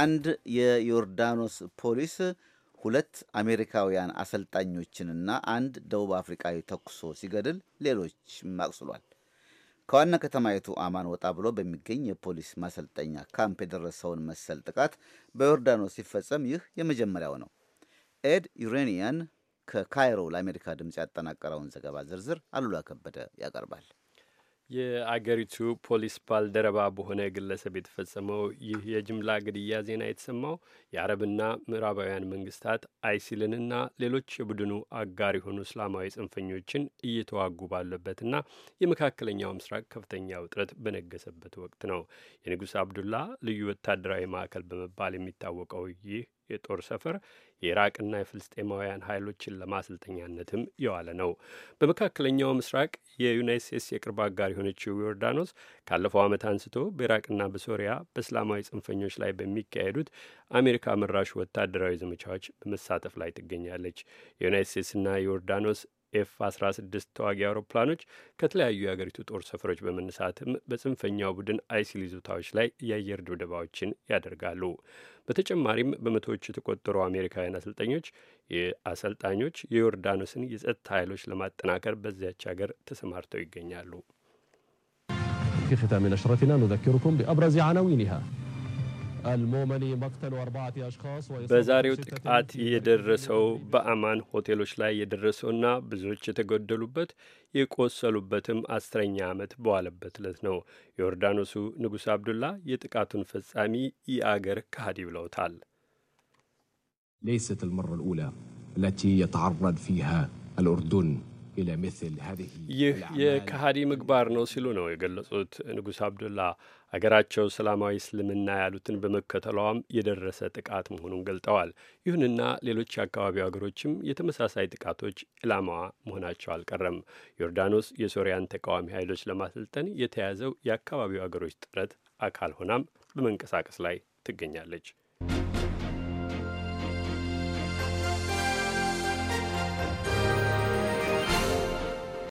አንድ የዮርዳኖስ ፖሊስ ሁለት አሜሪካውያን አሰልጣኞችንና አንድ ደቡብ አፍሪካዊ ተኩሶ ሲገድል ሌሎች አቁስሏል። ከዋና ከተማይቱ አማን ወጣ ብሎ በሚገኝ የፖሊስ ማሰልጠኛ ካምፕ የደረሰውን መሰል ጥቃት በዮርዳኖስ ሲፈጸም ይህ የመጀመሪያው ነው። ኤድ ዩሬኒያን ከካይሮ ለአሜሪካ ድምፅ ያጠናቀረውን ዘገባ ዝርዝር አሉላ ከበደ ያቀርባል። የአገሪቱ ፖሊስ ባልደረባ በሆነ ግለሰብ የተፈጸመው ይህ የጅምላ ግድያ ዜና የተሰማው የአረብና ምዕራባውያን መንግስታት አይሲልንና ሌሎች የቡድኑ አጋር የሆኑ እስላማዊ ጽንፈኞችን እየተዋጉ ባለበትና የመካከለኛው ምስራቅ ከፍተኛ ውጥረት በነገሰበት ወቅት ነው። የንጉሥ አብዱላ ልዩ ወታደራዊ ማዕከል በመባል የሚታወቀው ይህ የጦር ሰፈር የኢራቅና የፍልስጤማውያን ኃይሎችን ለማሰልጠኛነትም የዋለ ነው። በመካከለኛው ምስራቅ የዩናይት ስቴትስ የቅርብ አጋር የሆነችው ዮርዳኖስ ካለፈው ዓመት አንስቶ በኢራቅና በሶሪያ በእስላማዊ ጽንፈኞች ላይ በሚካሄዱት አሜሪካ መራሽ ወታደራዊ ዘመቻዎች በመሳተፍ ላይ ትገኛለች። የዩናይት ስቴትስና ዮርዳኖስ ኤፍ 16 ተዋጊ አውሮፕላኖች ከተለያዩ የአገሪቱ ጦር ሰፈሮች በመነሳትም በጽንፈኛው ቡድን አይሲል ይዞታዎች ላይ የአየር ድብደባዎችን ያደርጋሉ። በተጨማሪም በመቶዎች የተቆጠሩ አሜሪካውያን አሰልጣኞች የአሰልጣኞች የዮርዳኖስን የጸጥታ ኃይሎች ለማጠናከር በዚያች ሀገር ተሰማርተው ይገኛሉ። في ختام نشرتنا نذكركم بأبرز عناوينها በዛሬው ጥቃት የደረሰው በአማን ሆቴሎች ላይ የደረሰውና ብዙዎች የተገደሉበት የቆሰሉበትም አስረኛ ዓመት በዋለበት ዕለት ነው። የዮርዳኖሱ ንጉሥ አብዱላ የጥቃቱን ፈጻሚ የአገር ከሃዲ ብለውታል። ለይሰት አልመራ ልኡላ ለቲ የተዓረድ ፊሃ አልኡርዱን ይህ የካሃዲ ምግባር ነው ሲሉ ነው የገለጹት ንጉሥ አብዱላ። አገራቸው ሰላማዊ እስልምና ያሉትን በመከተሏም የደረሰ ጥቃት መሆኑን ገልጠዋል። ይሁንና ሌሎች የአካባቢው አገሮችም የተመሳሳይ ጥቃቶች ኢላማዋ መሆናቸው አልቀረም። ዮርዳኖስ የሶሪያን ተቃዋሚ ኃይሎች ለማሰልጠን የተያዘው የአካባቢው አገሮች ጥረት አካል ሆናም በመንቀሳቀስ ላይ ትገኛለች።